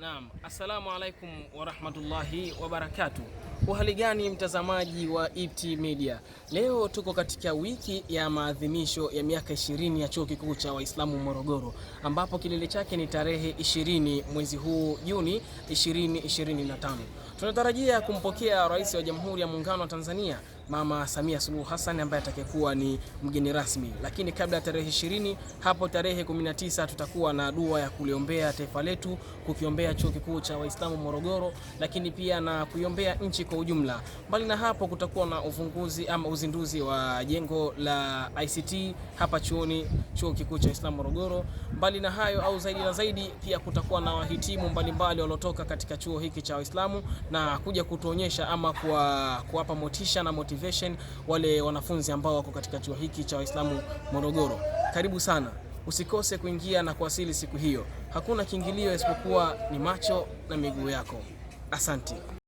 Naam, assalamu alaikum warahmatullahi wabarakatu Uhali gani mtazamaji wa ET Media? Leo tuko katika wiki ya maadhimisho ya miaka 20 ya Chuo Kikuu cha Waislamu Morogoro ambapo kilele chake ni tarehe 20 mwezi huu Juni 2025. Tunatarajia kumpokea Rais wa Jamhuri ya Muungano wa Tanzania Mama Samia Suluhu Hassan ambaye atakayekuwa ni mgeni rasmi. Lakini kabla ya tarehe 20, hapo tarehe 19 tutakuwa na dua ya kuliombea taifa letu, kukiombea chuo kikuu cha Waislamu Morogoro, lakini pia na kuiombea nchi kwa ujumla. Mbali na hapo, kutakuwa na ufunguzi ama uzinduzi wa jengo la ICT hapa chuoni, chuo kikuu cha Waislamu Morogoro. Mbali na hayo au zaidi na zaidi, pia kutakuwa na wahitimu mbalimbali waliotoka katika chuo hiki cha Waislamu na kuja kutuonyesha ama kuwapa motisha na motivation motivation wale wanafunzi ambao wako katika chuo hiki cha Waislamu Morogoro. Karibu sana, usikose kuingia na kuwasili siku hiyo. Hakuna kiingilio isipokuwa ni macho na miguu yako. Asante.